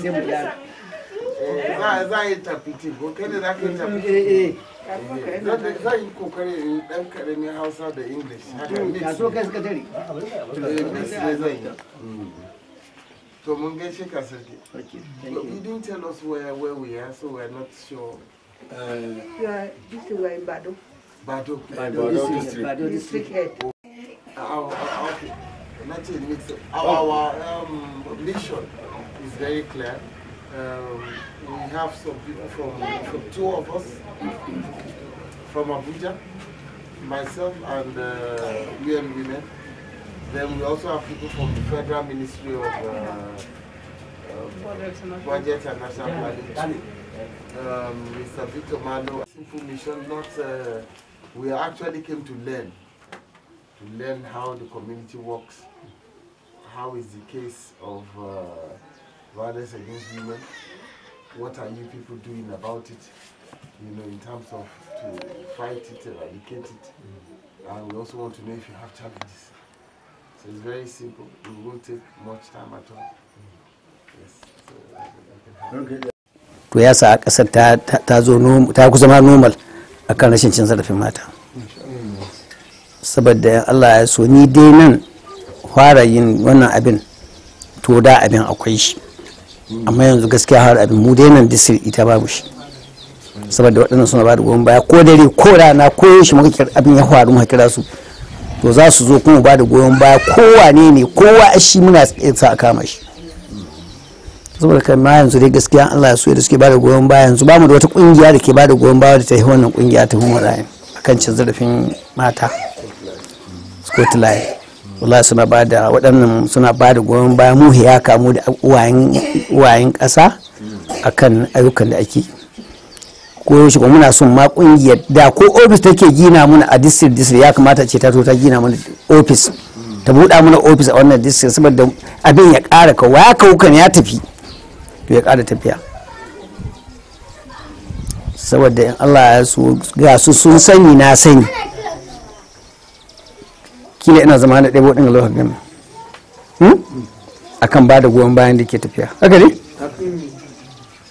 so you didn't tell us where, where we are so we are not sure uh, yeah, this is where in Bado. Bado. Bado, Bado district. Bado district head. our, our, okay. Not Our, our um, mission is very clear. Um, we have some people from, from two of us from Abuja, myself and uh, UN Women. Then we also have people from the Federal Ministry of uh, um, Budget and National Planning. Um, Mr. Victor Mano. Information not, uh, we actually came to learn, to learn how the community works, how is the case of uh, violence against women, what are you people doing about it, you know, in terms of to fight it, eradicate it. Mm. And we also want to know if you have challenges. So it's very simple. It won't take much time at all. Mm. Yes. To ya sa kasar ta zo ta ku zama normal a kan rashin cin zarafin mata. Saboda Allah ya so ni dai nan fara yin wannan abin to da abin akwai shi. amma yanzu gaskiya har abin mu daina nan disir ita babu shi saboda waɗannan suna ba da goyon baya ko dare ko rana ko yaushe muka abin ya faru muka kira su to za su zo kuma ba da goyon baya wane ne kowa shi muna sa a kama shi saboda kai ma yanzu dai gaskiya Allah ya so da suke ba da goyon baya yanzu ba mu da wata kungiya da ke ba da goyon baya da ta yi wannan kungiya ta human rights akan cin zarafin mata Scotland wallahi suna ba da waɗannan suna ba da goyon baya mu ya kamu da wayan ƙasa a kan ayyukan da ake ko yaushe kuma muna son ma kungiyar da ko ofis take gina muna a district district ya kamata ce ta to ta gina mana ofis ta buɗa mana ofis a wannan district saboda abin ya ƙara ka waya kawo ya tafi to ya ƙara tafiya saboda in Allah ya so ga su sun sani na sani kila ina zama na ɗaya waɗanda lokacin gami hmm? a kan ba da goyon bayan da ke tafiya haka ne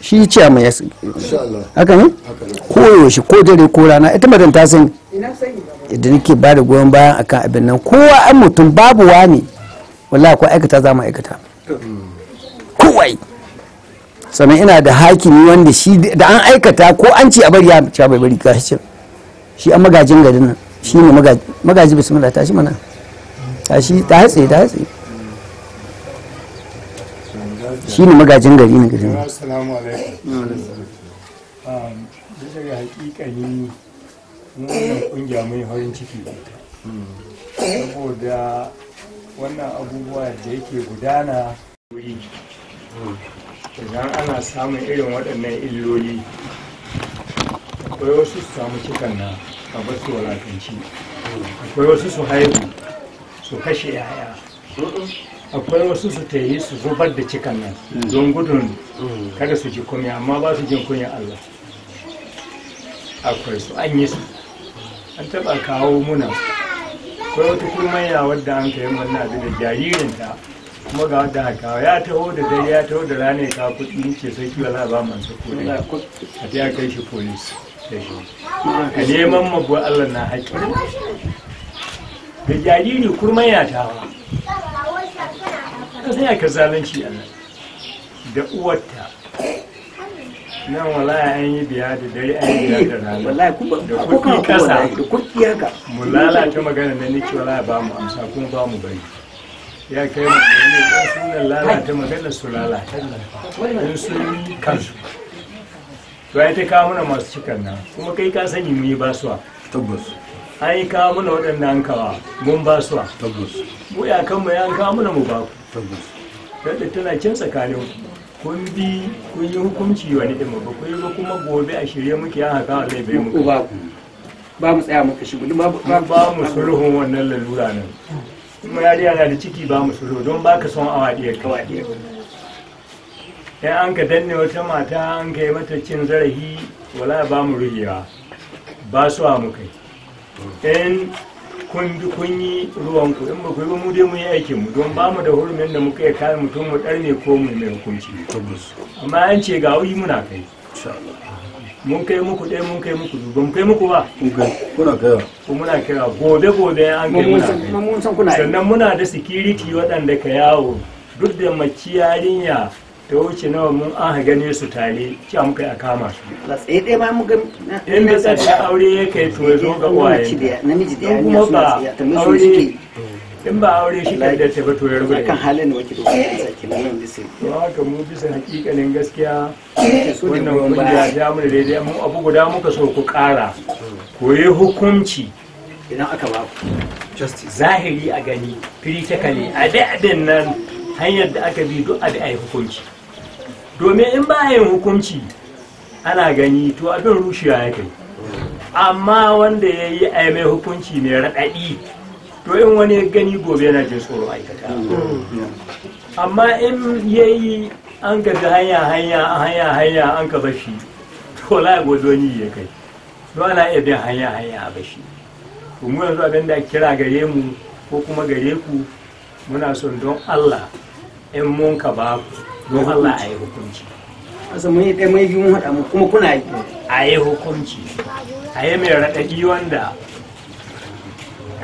shi ce mai yasi haka ne ko yaushe ko dare ko rana ita madan ta san idan ke ba da goyon bayan akan abin nan kowa an mutum babu wani wallahi ko aikata za mu aikata kowai sannan ina da hakimi wanda shi da an aikata ko an ce a bari ya ci bai bari gashi shi an magajin garin nan shi ne magaji bismillah shi mana tashi ta hatsi ta hatsi shi ne magajin gari na gari assalamu mai um, farin ciki saboda wannan abubuwa da yake gudana wuri ana samun irin waɗannan illoli akwai wasu su samu cikan a basu akwai wasu su haihu su kashe yaya akwai wasu su ta yi su zubar da cikan nan don gudun kada su ji kunya amma ba su jin kunya Allah akwai su an yi su an taɓa kawo muna akwai wata kurmanya wadda an kai manna da ta kuma ga wadda haka ya taho da dai ya taho da rana ya kawo kuɗi ce sai kiwa za ba man su kuɗi a ta kai shi polis da shi neman mabuwa Allah na haƙƙi da jariri kurma yana tawa ka sanya ka zalunci a nan da uwarta nan walaya an yi biya da dare an yi biya da rana da kuɗi kasa da kuɗi haka mu lalata magana na nake walaya ba mu amsa kuma ba mu bari ya kai mu ne ɗan sunan lalata magana su lalata in sun yi kansu to ya ta kawo mana masu cikar nan kuma kai ka sani mu yi basuwa tabbas ai ka muna waɗanda an kawa mun ba su tabbas ko ya kan mu an kawo muna mu ba ku tabbas tana can tsakanin kun bi kun yi hukunci wani ɗin ba ku yi ba kuma gobe a shirye muke an haka zai bai mu ba ku ba mu tsaya muka shigo ba mu sulhun wannan lalura nan kuma ya yana da ciki ba mu sulhu don ba ka son awa ɗiyar kawai ya an ka danne wata mata an ka yi mata cin zarafi wala ba mu rujewa ba su a mu kai in kun bi kun yi ruwan ku in ba ku yi ba mu dai mun yi aikin mu don ba mu da hurumin da muka yi kare mutum mu ne ko mu mai hukunci amma an ce ga wuyi muna kai mun kai muku ɗaya mun kai muku dubban kai muku ba kuna kaiwa ko muna kira gobe gobe an kai muna sannan muna da sikiriti waɗanda ka yawo duk da mace ta wuce nawa mun an ha gane su tare ki an kai a kama su ba tsaye ɗaya ba mu ga in da tsaye aure ya kai to ya zo ga waye namiji da yarinya suna ta tambaye su suke in ba aure shi kan da ta ba to ya rubuta kan halin da wake da sake nan bisa to haka mu bisa hakikanin gaskiya wannan mun kungiya ta mu daidai mu abu guda muka so ku kara yi hukunci idan aka ba ku justice zahiri a gani firi ta kale a da nan hanyar da aka bi duk a yi hukunci domin in ba hukunci ana gani to abin rushewa ya kai amma wanda ya yi a mai hukunci mai raɗaɗi to in wani gani gobe yana jin tsoro aikata amma in ya yi an gaji hanya hanya hanya hanya an ka bashi to la gobe ya kai to ana iya bin hanya hanya a bashi to mu yanzu abin da kira gare mu ko kuma gare ku muna son don Allah in mun ka ba don Allah a yi hukunci asa mun yi mai mu kuma kuna yi a yi hukunci a yi mai raɗaɗi wanda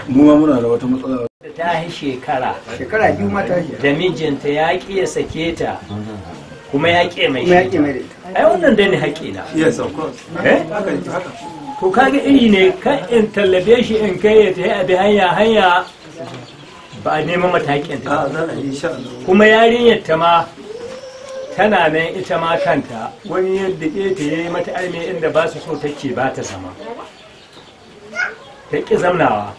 mu muna da wata matsala ta yi shekara shekara biyu ma da mijinta ya ƙi ya sake ta kuma ya ƙi mai shi ai wannan da ne haƙi na yes of course eh kaga iri ne kan in tallabe shi in kai ya tafi abi hanya hanya ba a neman matakin ta kuma yarinyar ta ma tana nan ita ma kanta wani yadda ke ta yi mata aime inda ba su so take ba ta sama ta ƙi zamnawa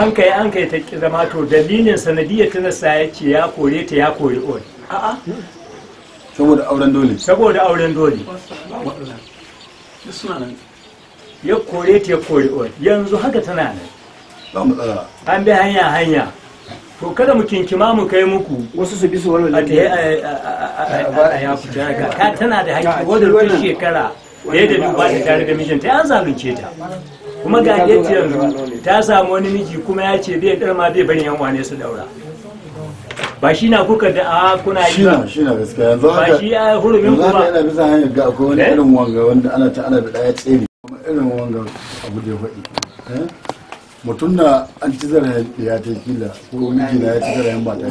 an kai an kai ta ƙi zama to dalilin sanadiyar ta nasa ya ce ya kore ta ya kore on saboda auren dole saboda auren dole ya kore ta ya kore on yanzu haka tana nan an bi hanya hanya to kada mu kinkima mu kai muku wasu su bi su wani a ya fita ka tana da haƙƙi wadda ruwan shekara da da duba da tare da mijinta ya zalunce ta kuma ga yadda yanzu ta samu wani miji kuma ya ce bai ɗarma bai bari yan wane su daura ba shi na kuka da a kuna yi ba shi na gaskiya yanzu ba shi ya hurumin ku ba yana bisa hanyar ga akwai wani eh? irin wanga wanda ana ta ana da ya tsere irin wanga abu da ya faɗi eh? mutum na an ci zarayen ya ta kila ko na ya ci zarayen ba ta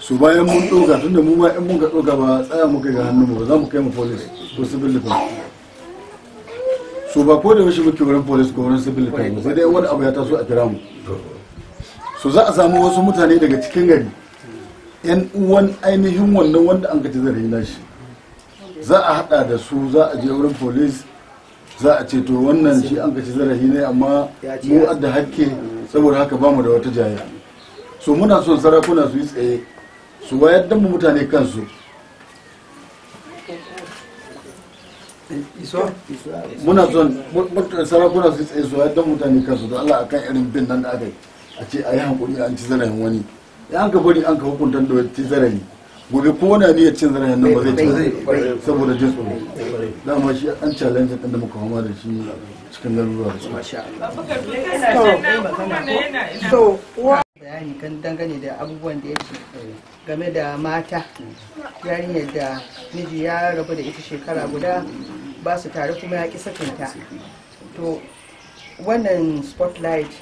su bayan mun tun da mu ma in mun ka ɗoka ba tsaya muka ga hannun mu ba za mu kai mu polis ko civil defense su ba ko da yaushe muke wurin polis ko wurin civil defense ba sai dai wani abu ya taso a kira mu su za a samu wasu mutane daga cikin gari yan uwan ainihin wannan wanda an ka ci zarayen nashi za a haɗa da su za a je wurin police za a ce to wannan shi an kaci zarafi ne amma mu adda hakke saboda haka bamu da wata jaya so muna son sarakuna su yi tsaye su wayar da mu mutane kansu muna son sarakuna su yi tsaye su wayar da mutane kansu don Allah akan irin bin nan da aka yi a ce a yi hankuri an ci zarafin wani ya an ka bari an ka hukunta da wata ci zarafi gobe ko wani aniyar cin zarayen nan ba zai ci saboda jin tsoro dama shi an challenge ɗan da muka fama da shi cikin garuruwa da su bayani kan dangane da abubuwan da ya ce eh, game da mata yarinyar da miji ya rabu da ita shekara guda ba su tare kuma ya ƙi sakinta to wannan spotlight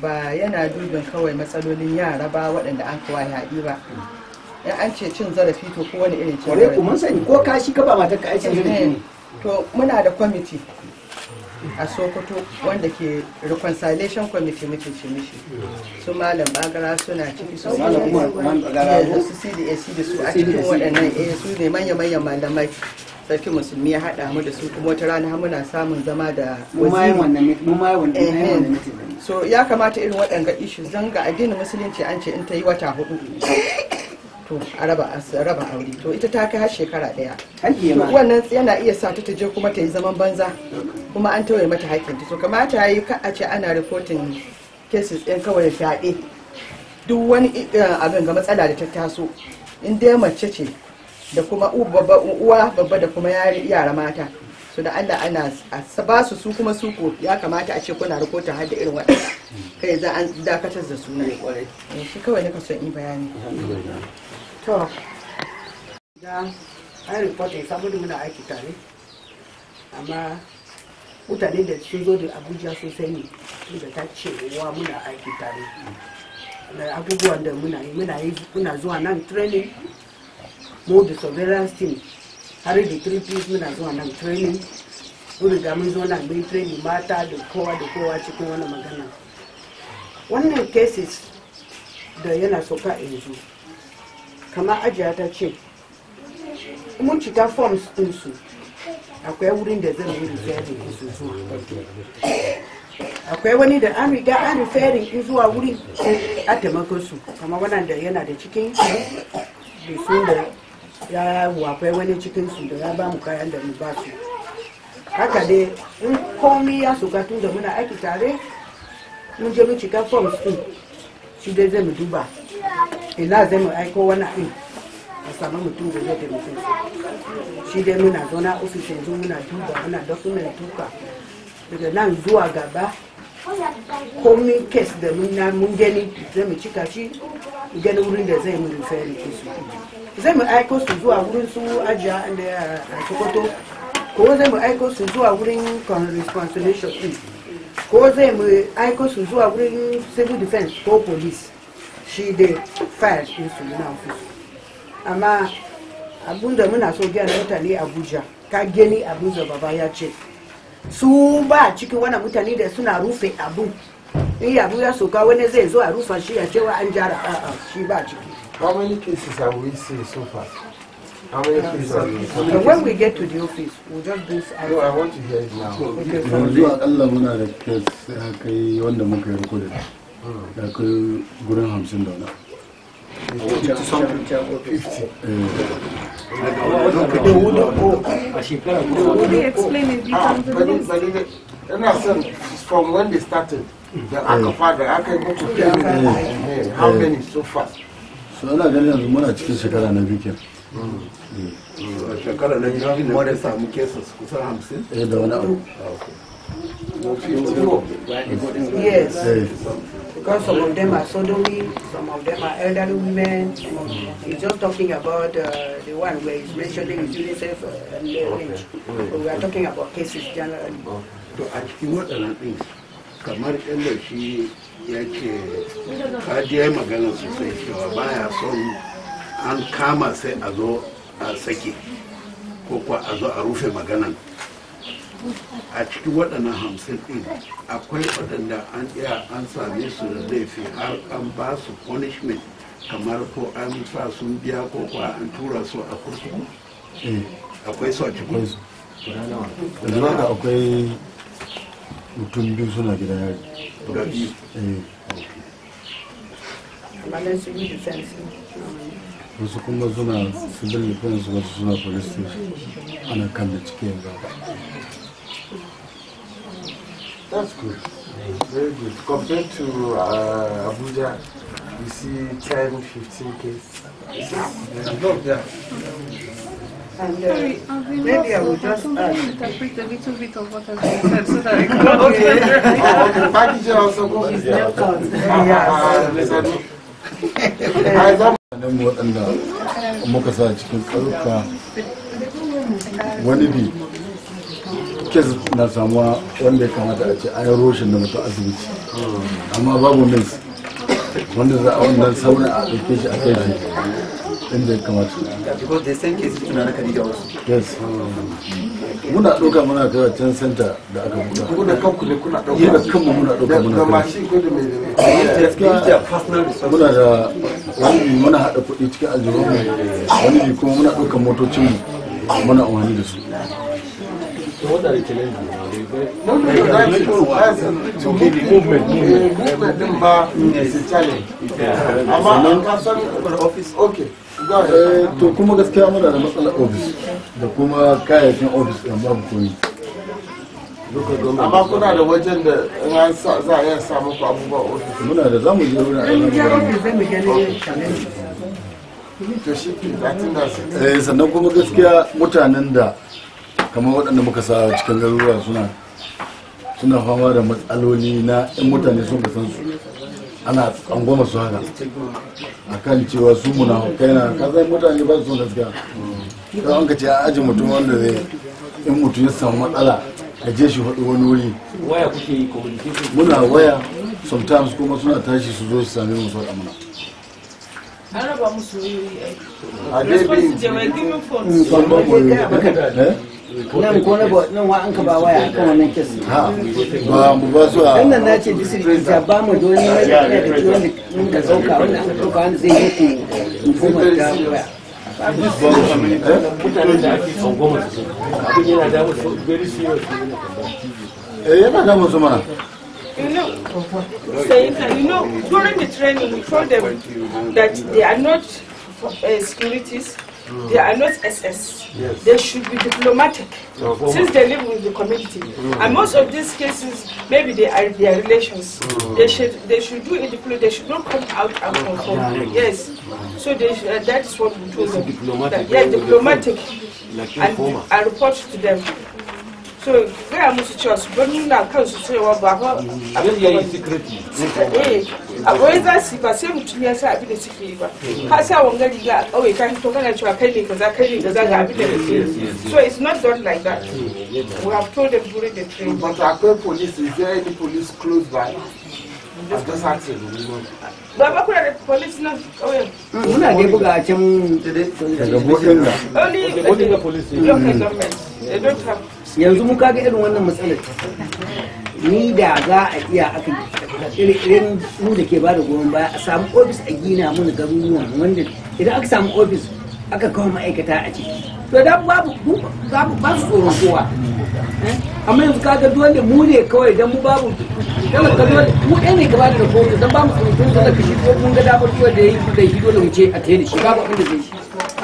ba yana dubin kawai matsalolin yara ba waɗanda an kawai haɗi ba in an ce cin zarafi to ko wani irin cin zarafi kuma sani ko kashi ka ba matar ka aikin eh, zarafi ne to muna da kwamiti a sokoto wanda ke reconciliation committee muke ce mishi su malam bagara suna ciki su eh, su cdac da su a cikin waɗannan eh su ne manya-manyan malamai sarki musulmi ya haɗa mu da su kuma wata rana muna samun zama da waziri eh, so ya kamata irin waɗanga ishu zanga addinin musulunci an ce in ta yi wata hudu to a raba aure to ita ta kai har shekara daya wannan yana iya sa ta je kuma ta yi zaman banza kuma an tawaye mata hakkin ta so kamata yayi ka a ce ana reporting cases ɗin kawai fyaɗe duk wani eh, abin ga matsala da ta taso in dai mace ce da kuma uwa babba da kuma yara mata su da Allah ana a ba su su kuma su ko ya kamata a ce kuna rikota har da irin waɗanda kai za an dakatar da suna eh, shi kawai ne ka son yi bayani to da an report ya samu muna aiki tare amma mutane da sun zo da abuja sun sani da ta cewa muna aiki tare da abubuwan da muna yi muna yi muna zuwa nan training mu da surveillance team har da tripis muna zuwa nan training mun riga mun zo nan mun training mata da kowa da kowa cikin wani magana wannan cases da yana soka yanzu kamar ajiya ta ce mun cika forms su. akwai wurin da zan yi referring su akwai wani da an riga an referring in zuwa wuri a taimakon su kamar wannan da yana da cikin sun da ya wafai wani cikin su da ya ba mu kayan da mu ba su haka dai in komi ya suka tun da muna aiki tare mun je mu cika forms ɗin shi dai zai mu duba ina zai mu aiko wani in a samu mutum da zai taimake su shi dai muna zauna ofis yanzu muna duba muna document duka daga nan zuwa gaba komi kes da muna mun gani zai mu cika shi gani wurin da zai mu rufe rike su zai mu aiko su zuwa wurin su ajiya da a sokoto ko zai mu aiko su zuwa wurin reconciliation ko zai mu aiko su zuwa wurin civil defense ko police shi dai fayil ɗinsu na ofis amma abinda muna so gyan mutane abuja ka gani abin da baba ya ce su ba cikin wani mutane da suna rufe abu in abu ya soka wani zai zo a rufa shi ya cewa an jara a'a shi ba ciki How many cases have we seen so far? How many cases have we seen? So when we get to the office, we'll just do this. No, I want to hear it now. Okay, so. Yanzu akalla muna da case kai wanda muka yi rikodin. ya kai from when they started I can go to tell you how many so far so ana ganin yanzu muna cikin shekara na biyu kenan shekara na biyu kuma yes because some of them are sodomy, some of them are elderly women. He's just talking about uh, the one where he's mentioning UNICEF uh, and the So we are talking about cases generally. To oh. a cikin waɗannan ɗin kamar inda shi yake uh, kajiya magana sosai cewa baya son an kama sai a uh, zo a sake ko kuwa a zo a rufe maganan a cikin waɗannan hamsin ɗin akwai waɗanda an iya an same su da laifi har an ba su punishment kamar ko an sa sun biya ko ko an tura su a kurkuku eh. akwai su a cikin su da akwai mutum biyu suna gidan yari eh. wasu kuma suna civil defense wasu suna police station ana kan da cikin yanzu That's good. Very good. Compared to uh, Abuja, you see 10, 15 cases. Yeah. And, uh, maybe I will just add. interpret a little bit of what I've said so that I can okay. the oh, package also goes. Yeah. Yeah. Nan waɗanda muka sa kes na samuwa wanda ya kamata a ce a yi roshin da mutu asibiti amma babu nurse wanda za a wannan saurin a ɗauke shi a kai shi inda ya kamata na muna ɗauka muna kai can center da aka buɗa kuna kanku ne kuna ɗauka da kanmu muna ɗauka muna kai da muna da wani muna haɗa kuɗi cikin aljihun wani kuma muna ɗaukan motocinmu muna amfani da su So what are the challenges? No, no, no, that's it. That's it. To move, movement, movement. Movement number is a challenge. Amma an ka To kuma gaskiya muna da matsalar office da kuma kayayyakin office babu koyi. amma kuna da wajen da za a iya samu ku abubuwa ofis muna da zamu je wurin sannan kuma gaskiya mutanen da kamar waɗanda muka sa cikin garuruwa suna suna fama da matsaloli na yan mutane sun ka san su ana tsangwama su haka a kan cewa su muna kai na kasai mutane ba su gaskiya ka an ka ce a aji mutum wanda zai in mutum ya samu matsala a je shi hudu wani wuri waya kuke muna waya sometimes kuma suna tashi su zo su same su musu wuri aiki a dai bi nan ko na nan wa an ka ba waya akan wannan kes ba mu ba su a wannan na ce district ta ba mu da wani da ke wani mun ka dauka wanda an dauka wanda zai yi ku informant da waya eh yana da You know, saying, you know, during the training, we told them that they are not uh, securities, Mm. They are mm. not SS. Yes. They should be diplomatic no, since they live with the community. Mm. And most of these cases, maybe they are their relations. Mm. They should they should do a diplomatic. They should not come out and mm. confront. Yes. So they should, uh, that is what we told Them. Diplomatic. yeah, diplomatic. Like and, I report to them. so gaya musu cewa su bar nuna kansu to ba what abin a goyi za su yi ba sai mutum ya sa abin da suke yi ba hmm. ka sa wanga riga a kauye ka hito kana cewa kai ne kaza kai ne kaza ga abin da kake yi so it's not done like that hmm, we have told them during the training but akwai police is there any police close by Baba kuna da police nan ƙauyen? Hmm, muna dai buga a can daga Bodinga. Bodinga police. Local government. Yanzu mun kaga irin wannan matsalar. ni da za a iya aka irin su da ke bada goma baya a samu ofis a gina mun garuruwan wanda idan aka samu ofis aka kawo ma'aikata a ciki to da babu ba su tsoron kowa amma yanzu kaga dole mu ne kawai dan mu babu dole ka dole mu ɗaya ne gaba da rahoto dan ba mu tsoron da ka shi ko mun ga damar kowa da yayi da shi dole mu ce a tare da shi babu abin da zai shi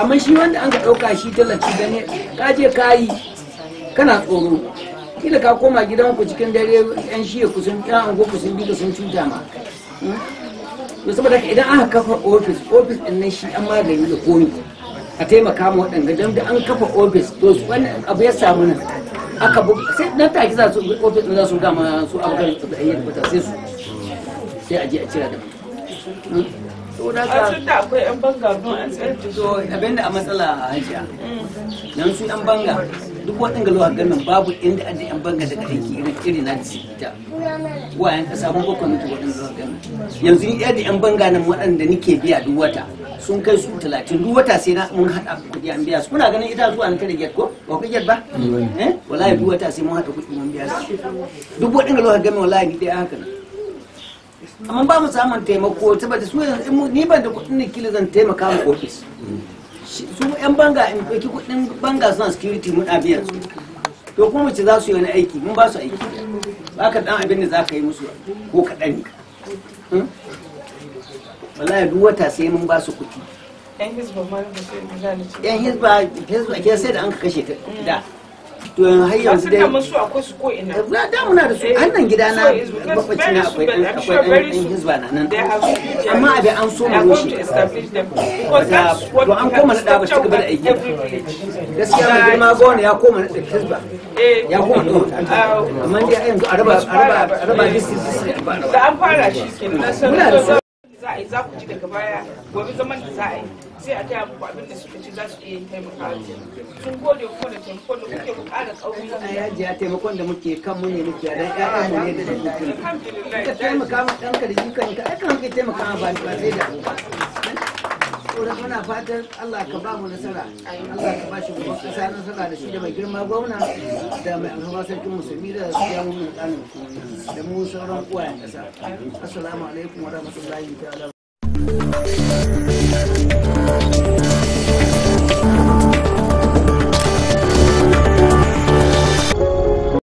amma shi wanda an ka ɗauka shi tallaci gane ka je ka yi kana tsoro kila ka koma gidan ku cikin dare yan shiya ku sun yan ango ku sun bika sun cuta ma to hmm? saboda haka idan aka kafa office office din nan shi an magani da komi a taimaka ma waɗanda don da an kafa office to wannan abu ya samu nan aka bu sai nan take za su office din za su gama su abokan da ayyuka sai su sai a je a cira da mu hmm? a tun da akwai yan banga don an tsayar da abin da a matsala a hajiya nan su yan banga duk waɗanda lawa ganin babu inda an da yan banga da kai irin irin na ta wayan ka samu ko kwamiti waɗanda lawa ganin yanzu ni ɗaya da yan banga nan waɗanda nike biya duk wata sun kai su talatin duk wata sai na mun haɗa kuɗi an biya su kuna ganin ita zuwa ta da gyat ko ba ku gyat ba eh? wallahi duk wata sai mun haɗa kuɗi mun biya su duk waɗanda lawa ganin wallahi ni ɗaya haka nan amma ba mu samun taimako ta bata su ni ban da kuɗin da kila zan taimaka mu ofis su yan banga in ɗauki kuɗin banga suna security mun biyan su to kuma mace za su yi wani aiki mun ba su aiki ba ka dan abin da za ka yi musu ko kaɗan ne hmm? wallahi duk wata sai mun ba su kuɗi yan hizba ke sai da an ka kashe ta da to yanzu har yanzu dai akwai eh, na da muna da su hannan gida na bakwacin na akwai akwai ɗan hizba na nan amma abin an so mu rushe eh, to an koma na ɗaba da aiki gaskiya mai girma gona ya koma na da hizba ya koma na ɗauka eh, amma dai yanzu a raba a raba a disi disi da an fara shi kenan muna da su a yi za ku ji daga baya gobe zaman da za a yi sai a taya muku abin da suka ci za su iya yin taimaka sun gode ku da taimakon da kuke ku ƙara tsauri ya ji a taimakon da muke kan mu ne muke dan ƴaƴan mu ne da su ka taimaka ma ɗanka da jikan ka ai kan ke taimaka ma ba sai da ba sauran muna fatan Allah ka ba mu nasara Allah ka ba shi mu kasa nasara da shi da mai girma gwamna da mai alhama sarkin musulmi da ya mu mutane da mu sauran ya kasa assalamu alaikum wa rahmatullahi ta'ala